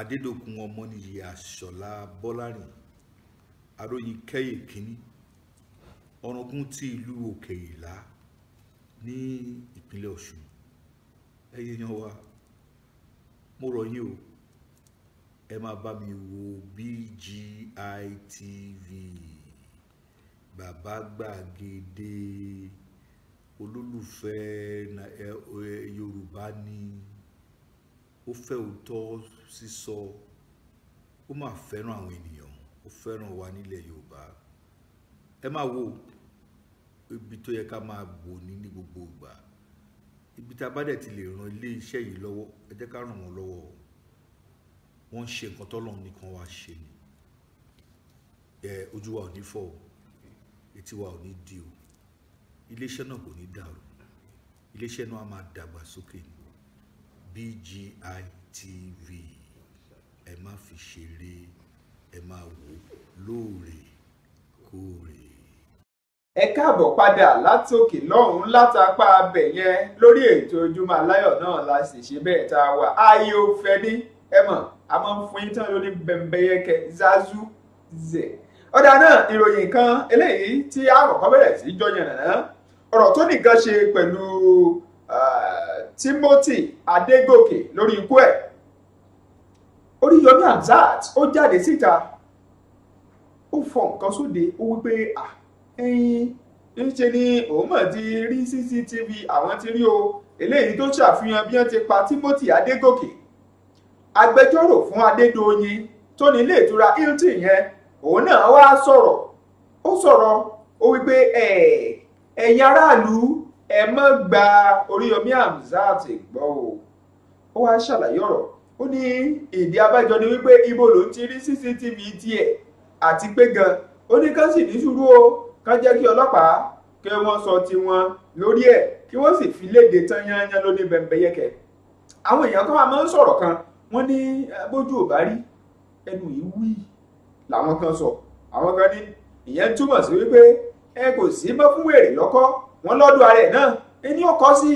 adédọ̀kun ọmọnìyí àṣọlá bọ́lárìn aróyin kẹ́yìn kínní ọ̀ràngún ti ìlú òkè ìlà ní ìpínlẹ̀ ọ̀ṣun ẹ̀yin èèyàn wa mo rọ̀ yín o ẹ máa bá mi wo BGI TV bàbá gbàgede olólùfẹ́ yorùbá ni ó fẹ́ òótọ́ sísọ ó máa fẹ́ràn àwọn ènìyàn ó fẹ́ràn wa nílẹ̀ yorùbá ẹ máa wo ibi tó yẹ ká máa bò ní ní gbogbo ìgbà ibi tá a bá dẹ̀ ti lè ran ilé iṣẹ́ yìí lọ́wọ́ ẹ jẹ́ ká ràn wọ́n lọ́wọ́ wọ́n ń ṣe nǹkan tọ́lọ́run nìkan wá ṣe ni ẹ ojú wa ò ní fọ́ o etí wa ò ní di o iléeṣẹ́ náà kò ní dàrú iléeṣẹ́ náà á máa dàgbà sókè BGI TV ẹ má fi ṣeré ẹ máa wò lóòrèkóòrè ẹ káàbọ̀ padà látòkè lọ́hùn-ún látàpá abẹ yẹn lórí ètò ojúmọ́ aláyọ̀ náà la sì ṣe bẹ́ẹ̀ tá a wà ayé ò fẹ́ ní ẹ mọ̀ a máa ń fún yín tán lórí bẹ̀m̀bẹ̀yẹkẹ zazu zẹ̀. ọ̀dà náà ìròyìn kan eléyìí tí a kọ́kọ́ bẹ̀rẹ̀ sí jọyàn nàná ọ̀rọ̀ tó nìkan ṣe pẹ̀lú Timothy Adégòkè lórí ikú ẹ̀ Oríyọmí Hamzat ó jáde síta ó fọ nǹkan sóde ó wí pé ah ẹyin ṣe ni òun mọ̀ ti rí cctv àwọn ti rí o eléyìí tó ṣàfihàn bí wọ́n ti pa timothy adégòkè agbẹjọ́rò fún adédọ́yìn tó ní ilé ìtura hilton yẹn òun náà wá sọ̀rọ̀ ó sọ̀rọ̀ ó wípé ẹ̀yin aráàlú ẹ mọ́ gba oríyọmí hamzat gbọ́ o ó wá ṣàlàyé ọ̀rọ̀ ó ní ìdí abájọ ni wípé ibo ló ti rí cctv tiẹ̀ àti pé gan oníkan sì ní sùúrù o ká jẹ́ kí ọlọ́pàá kí wọ́n sọ tiwọn lórí ẹ̀ kí wọ́n sì fi léde tán yányán lóní bẹ̀m̀bẹ̀yẹkẹ̀ àwọn èèyàn kan máa ń sọ̀rọ̀ kan wọ́n ní bójú ò bá rí ẹnu yìí wí làwọn kan sọ àwọn kan ní ìyẹn túmọ̀ sí wípé ẹ kò sí mọ́ fún wèrè lọ́kọ́ wọn lọ́dọ̀ ara ẹ̀ náà ẹni ó kọ́ sí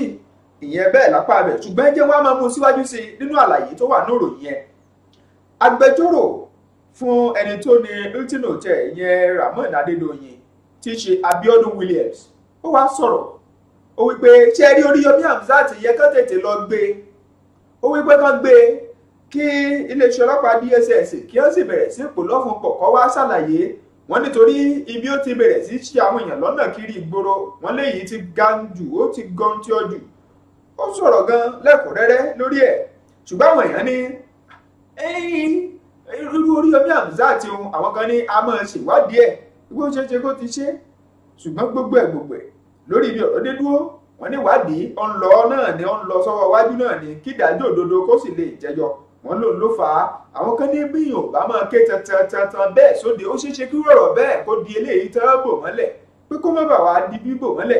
ìyẹn bẹ́ẹ̀ lápá rẹ̀ ṣùgbọ́n jẹ́ wọ́n á máa mú síwájú sí nínú àlàyé tó wà nóró yẹn agbẹjọ́rò fún ẹni tó ní hilton hotel ìyẹn Rahmon Adédọ̀yìn ti Abiodun Williams ó wá sọ̀rọ̀ ó wípé ṣé ẹ rí Oríyọmí Hamzat yẹ kán tètè lọ gbé e. ó wípé kán gbé e. kí iléeṣẹ́ ọlọ́pàá DSS kí wọ́n sì bẹ̀rẹ̀ sí pòlọ́fun pọ̀ kọ́ wá ṣàlàyé wọ́n nítorí ibi ó ti bẹ̀rẹ̀ sí ṣe àwọn èèyàn lọ́nà kiri ìgboro wọ́n léyìí ti ga jù ó ti gan tí ó jù ó sọ̀rọ̀ gan lẹ́kùnrẹ́rẹ́ lórí ẹ̀ ṣùgbọ́n àwọn èèyàn ní irú Oríyọmí Hamzat ohun àwọn kan ní a máa ṣèwádìí gbogbo ṣe ṣe kó ti ṣe ṣùgbọ́n gbogbo ẹ̀ gbogbo ẹ̀ lórí ibi ọ̀rọ̀ dé dúró wọ́n níwádìí ọ̀nlọ náà ni ó ń lọ sọ́wọ́ iwájú náà ni kí ìdájọ́ òdodo kó sì lè jẹyọ wọ́n lòun ló fà á àwọn kan ní bíyàn ò bá máa ké tantan bẹ́ẹ̀ sóde ó ṣeé ṣe kí rọ̀rọ̀ bẹ́ẹ̀ kó di eléyìí tán bò mọ́lẹ̀ pé kó má bàa wá di bíbò mọ́lẹ̀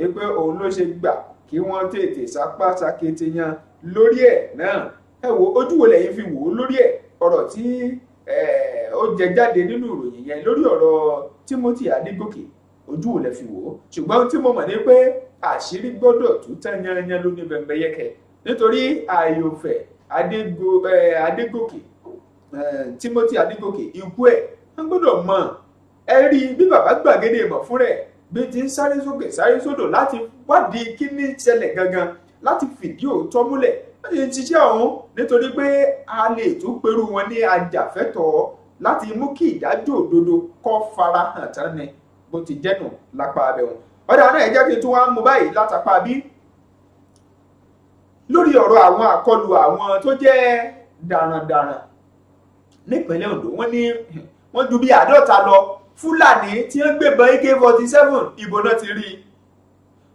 èyí pé òun ló ṣe gbà kí wọ́n tètè sapá sakete yan lórí ẹ̀ náà ẹ wo ojú wo lẹ́yìn fi wò ó lórí ẹ̀ ọ̀rọ̀ tí ó jẹ jáde nínú ìròyìn yẹn lórí ọ̀rọ̀ Timothy Adégòkè ojú ò lẹ fi wò ó ṣùgbọ́n ohun tí mo mọ̀ ni pé àṣírí gbọ́dọ̀ tú tán yanyan ló ní bẹ̀m̀bẹ̀ yẹkẹ nítorí àyòfẹ́ Adégòkè Timothy Adégòkè ikú ẹ̀ wọ́n gbọ́dọ̀ mọ̀ ẹ rí bí bàbá gbàgede ìmọ̀ fún rẹ̀ bí ti ń sáré sókè sáré sódò láti wádìí kí ní ṣẹlẹ̀ gangan láti fìdí òótọ́ múlẹ̀ wọ́n ti ń ṣiṣẹ́ ọ̀hún nítorí pé a lè tún perú wọn ní ajàfẹ́tọ̀ọ́ láti mú kí ìdájọ́ òdodo kó farahàn tán ni bó ti jẹ́nu lápá abẹ́ wọn. ọ̀dà náà ẹ jẹ́ kí n tún wá mú báyìí látàpá bí lórí ọ̀rọ̀ àwọn àkọlù àwọn tó jẹ́ darandaran nípínlẹ̀ Ondo wọ́n ní wọ́n ju bí àádọ́ta lọ Fúlàní tí wọ́n gbébọn AK-47 ìbò náà ti rí i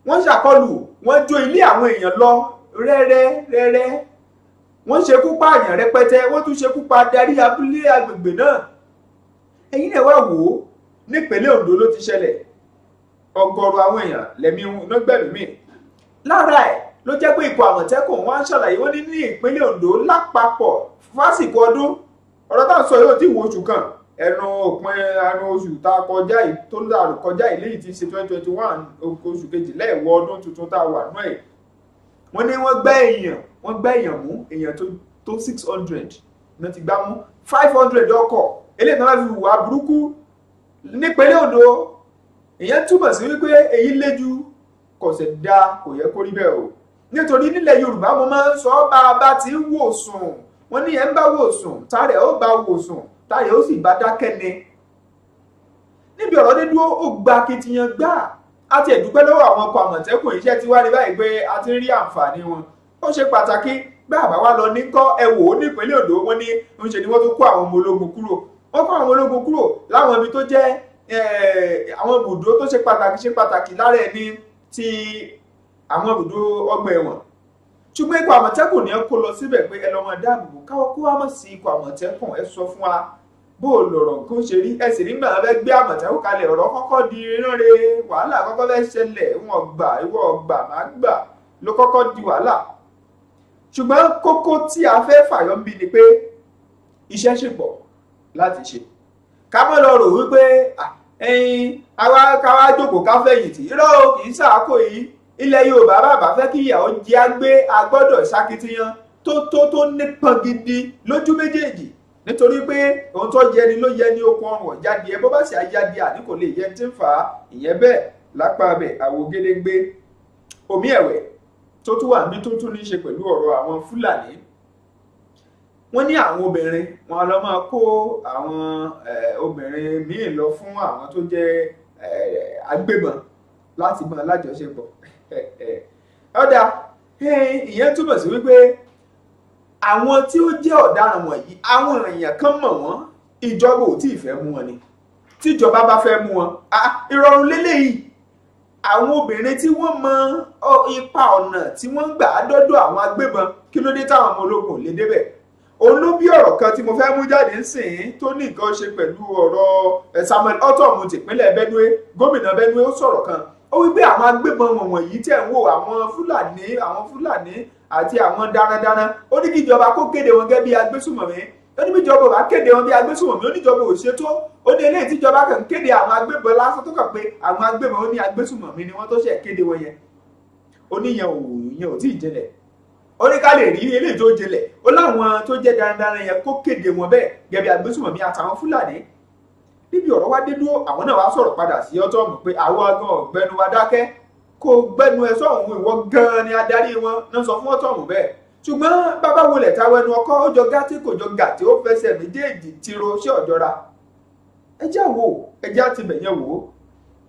wọ́n ṣàkọlù wọ́n jó ilé àwọn èèyàn lọ rẹ́rẹ́ rẹ́rẹ́ wọ́n ṣekú pa àyàn rẹpẹtẹ wọ́n tún ṣekú pa adarí abúlé agbègbè náà ẹ̀yin náà wá wò ó nípínlẹ̀ Ondo ló ti ṣẹlẹ̀ ọ̀gọ̀rọ̀ àwọn èèyàn lẹ́mí lọ́gbẹ̀mí lára ẹ̀ ló jẹ́ pé ikọ̀ àmọ̀tẹ́kùn wọn ṣàlàyé wọ́n ní ní ìpínlẹ̀ Ondo lápapọ̀ fásìkò ọdún ọ̀rọ̀ tá à ń sọ yóò tí wo oṣù kan ẹnu òpin ẹnu oṣù tá a kọjá yìí tó dàrú kọjá yìí léyìí ti ṣe twenty twenty one oṣù kejìlá ẹ̀wọ̀ ọdún tuntun tá a wà náà wọ́n ní wọ́n gbẹ́ èèyàn wọ́n gbẹ́ èèyàn mú èèyàn tó tó six hundred náà ti gbá mú five hundred ọkọ̀ eléyìí náà fi wà burúkú nípínlẹ̀ Ondo ìyẹn túmọ̀ sí wípé èyí léjú kò sì dáa kò yẹ kó rí bẹ́ẹ̀ o nítorí nílẹ̀ Yorùbá mo máa ń sọ ọ́ bá a bá ti ń wò sùn wọ́n ní ẹ̀ ń bá wò sùn tààrẹ̀ ó bá wò sùn tààrẹ̀ ó sì bá dákẹ́ ni níbi ọ̀rọ̀ dé ó gba akitiyan gbáà a ti ẹ̀dúpẹ́ lọ́wọ́ àwọn ọkọ̀ àmọ̀tẹ́kùn iṣẹ́ ti wá ní báyìí pé a ti ń rí àǹfààní wọn ó ṣe pàtàkì bá àbá wa lọ ní kọ́ ẹ wò ó nípínlẹ̀ Ondo wọn ní ń ṣe ni wọ́n tó kó àwọn ọmọ ológun kúrò wọ́n kó àwọn ọmọ ológun kúrò láwọn ibi tó jẹ́ àwọn ibùdó tó ṣe pàtàkì ṣe pàtàkì lára ẹni ti àwọn ibùdó ọgbà ẹ̀wọ̀n ṣùgbọ́n ikọ̀ àmọ̀tẹ́kùn ni ẹ kó lọ síbẹ̀ pé ẹ lọ́mọ dáàbòbò káwọ́ kó wá mọ̀ sí ikọ̀ àmọ̀tẹ́kùn ẹ sọ fún wa bó o lọ̀rọ̀ nǹkan ṣe rí ẹ̀sìn rí gbà fẹ́ gbé àmọ̀tẹ́kùn kalẹ̀ ọ̀rọ̀ kọ́kọ́ di rínre wàhálà kọ́kọ́ fẹ́ ṣẹlẹ̀ wọn gbà ìwọ gbà má gbà ló kọ́kọ́ di wàhálà ṣùgbọ́n kókó tí a fẹ́ fàyọ ń bi ni pé iṣẹ́ ṣì pọ̀ láti ṣe ká mọ́ lọ rò wípé ẹyin àwa káwá jókòó ká fẹ̀yìntì irọ́ kì í sàákò yìí ilẹ̀ Yorùbá bàbá fẹ́ kí ìyàwó jẹ́ àgbẹ̀ agbọ́dọ̀ ṣakitiyan tó tó tó nípọn gidi lójú méjèèjì nítorí pé ohun tó yẹni ló yẹni okun ọrùn ọ̀jáde ẹ bó bá sì ayáde àní kò lè yẹ ti ń fà á ìyẹn bẹ́ẹ̀ lápá abẹ àwò gédéńgbé omi ẹ̀wẹ̀ tó tún wà ní tó tún ní í ṣe pẹ̀lú ọ̀rọ̀ àwọn fúlàní wọ́n ní àwọn obìnrin wọn lọ máa kó àwọn obìnrin míì lọ fún àwọn tó jẹ́ agbébọn láti mọ alájọṣepọ̀ ọ̀dà ìyẹn túbọ̀ sí wípé àwọn tí ó jẹ́ ọ̀daràn wọ̀nyí àwọn èèyàn kan mọ̀ wọ́n ìjọba ò tí ì fẹ́ mú wọn ni tíjọba bá fẹ́ mú wọn ìrọ̀rùn lélẹ́yìí àwọn obìnrin tí wọ́n mọ ipa ọ̀nà tí wọ́n ń gbà á dọ́dọ̀ àwọn agbébọn kí ló dé táwọn ọmọ ológun ò lè débẹ̀ olóbí ọ̀rọ̀ kan tí mo fẹ́ mú jáde ńsìn tó ní nǹkan ṣe pẹ̀lú ọ̀rọ̀ Samuel otom tìpínlẹ̀ Benue gómìnà Benue ó sọ̀rọ̀ kan ó wí pé àwọn agbébọn wọ̀nyí tẹ̀ ń wò àwọn Fúlàní àwọn Fúlàní àti àwọn darandaran ó ní kí ìjọba kó kéde wọn gẹ́gẹ́ bí agbésùmọ̀mí ó ní bí ìjọba ò bá kéde wọn bí agbésùmọ̀mí ó ní ìjọba ò ṣe tó ó ní eléyìí tí ìjọba kàn kéde àwọn agbébọn lásán tó kàn pé àwọn agbébọn ó ní agbésùmọ̀mí ni wọ́n tó ṣe kéde wọn yẹn ó ní yẹn ò yẹn ò tí ì jẹlẹ̀ ó ní ká lè rí eléyìí tó jẹlẹ̀ ó láwọn tó jẹ́ darandaran yẹn kó kéde wọn bẹ́ẹ̀ gẹ́gẹ́ bí agbésùmọ̀mí àtàwọn fúlàní níbi ọ̀rọ̀ wá dé dúró àwọn náà wá sọ̀rọ̀ padà sí ọtọ́ọ̀mù pé àwọn agan ọ̀gbẹ́ni wa dákẹ́ kó gbẹ́nu ẹ sọ̀hún ìwọ gan-an ni adarí wọn náà sọ fún ọ̀tọ̀ọ̀mù bẹ́ẹ̀ ṣùgbọ́n bàbá wo lẹ̀ táwọn ẹnu ọkọ́ ó jọ gàtí kò jọ gàtí ó fẹsẹ̀ méjèèjì tiro sí ọ̀jọ́ra ẹjá wo ẹjá ti bẹ̀yẹn wò ó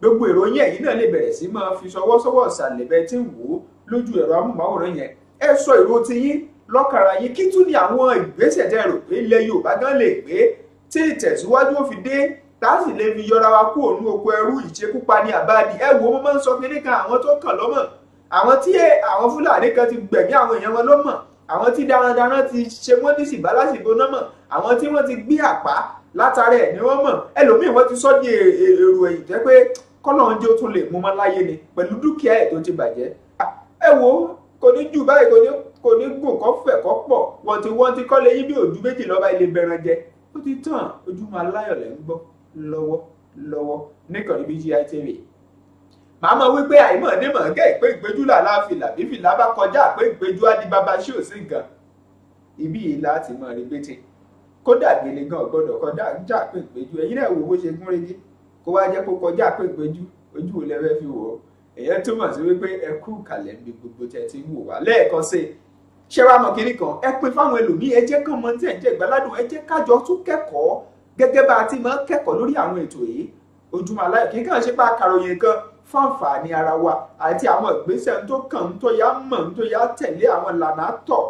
gbogbo ìròyìn ẹ̀yìn náà lè bẹ̀rẹ̀ sí máa fi sọwọ́sọwọ́ ṣàlẹ̀ bẹ́ẹ̀ tí ń wò ó lójú ẹ̀rọ amóhùnmáwòrán yẹn ẹ sọ èrò ti yín lọ́kàrà yín kí tún ni àwọn ìgbésẹ̀ tẹ́ rò pé ilẹ̀ Yorùbá gan lè gbé tí ìtẹ̀síwájú ó fi dé tásì lè fi yọra wa kú òun oko ẹrú ìṣekúpani àbáàdì ẹ wo mo máa ń sọ kínní kan àwọn tó kàn lọ́mọ̀ àwọn tí àwọn fúlàní kan ti gbẹ̀mí àwọn èèyàn wọn lọ́mọ̀ àwọn tí darandaran ti ṣe wọ́n ní sìgbà lásìkò náà mọ̀ àwọn tí wọ́n ti gbé àpá látara ẹ̀ ni wọ́n mọ̀ ẹlòmíì wọ́n ti sọ di èrò ẹ̀yìn jẹ́ pé kọ́lọ́n jẹ́ ó tún lè mú mọ́ láyé ni pẹ̀lú dúkìá ẹ̀ tó ti bàjẹ́ ẹ kò ní jù báyìí kò ní gùn kọ́ fẹ̀ kọ́ pọ̀ wọ́n ti wọ́n ti kọ́lé yín bí òjú méjì lọ́ba ilé bẹran jẹ ó ti tàn ojúmọ́ aláyọ̀ lẹ́ ń gbọ́ lọ́wọ́lọ́wọ́ níkànnì BGI TV màmá wípé àìmọ̀dé mọ̀ọ́kẹ́ ìpé ìpéjú làlá fìlà bí fìlà bá kọjá àpé ìpéjú adibaba ṣé ò sí nǹkan ibi yìí láti mọ̀ rí bẹ́tẹ̀ kódà gèlè gan gbọ́dọ̀ kọjá àjà àpé ìpéjú ẹ̀yin náà wò bó ṣe gún régé kó wá jẹ́ kó kọjá àpé ìpéjú ojú ò lẹ́fẹ́ fi wò ó èyàn túmọ̀ sí wípé ẹ kú kàlẹ̀ níbi gbogbo tẹ̀ ti wò wá lẹ́ẹ̀kan sí ṣé wàá mọ̀ kínní kan ẹ pín fáwọn ẹlòmíì ẹ jẹ́ kàn mọ́ tí ẹ̀ ń jẹ́ ìgbàládùn ẹ jẹ́ kájọ tún kẹ́kọ̀ọ́ gẹ́gẹ́ bá a ti máa ń kẹ́kọ̀ọ́ lórí àwọn ètò yìí ojúmọ́ aláyọ̀ kí n kàn ṣe pa àkàròyìn kan fáǹfààní ara wa àti àwọn ìgbésẹ̀ tó kàn ń tó yá mọ̀ ń tó yá tẹ̀lé àwọn ìlànà àtọ̀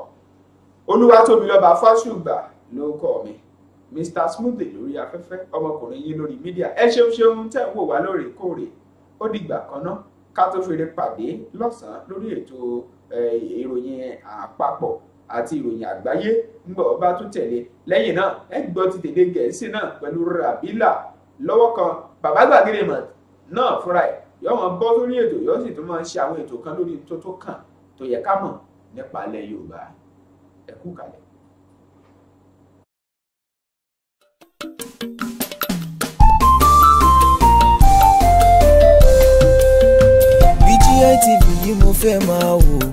Olúwatóbilọ́ba Fásùgbà ló kọ́ mi Mr Smoothie lórí afẹ́fẹ́ ọmọkùnrin yín lórí mídíà ẹ ṣeun ṣeun tẹ̀ ń wò wá lóòrèkóòrè ó dìgbà kan náà ká tó fèrè pàdé lọ́sàn-án lórí ètò ìròyìn àpapọ̀ àti ìròyìn àgbáyé ń bọ̀ bá tún tẹ̀lé lẹ́yìn náà ẹ ti tẹ̀lé gẹ̀ẹ́sì náà pẹ̀lú rabila lọ́wọ́ kan bàbá mọ̀ náà fúnra ẹ̀ yọ wọn bọ́ sórí ètò yọ sì tún kan lórí tó tó kàn tó yẹ ká mọ̀ nípa Yorùbá ẹ kú kalẹ̀. máa wò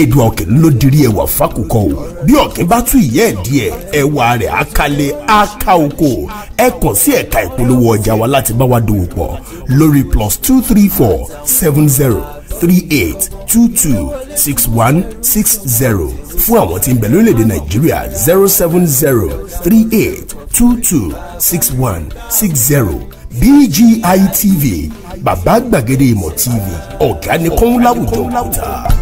èdùn ọ̀kẹ́ ló dirí ẹwà fákòkò o bí ọ̀kẹ́ bá tú ìyẹ́ ẹ̀ ẹwà rẹ̀ àkàlẹ̀ àkà oko ẹ kàn sí ẹ̀ka ìpolówó ọjà wa láti bá wa dòwò pọ̀ lórí plus two three four seven zero three eight two two six one six zero fún àwọn tí ń bẹ lórílẹ̀ nàìjíríà zero seven zero three eight two two six one six zero BGI TV bàbá gbàgede ìmọ̀ TV ọ̀gá ni kọ́ńláwùjọ kùtà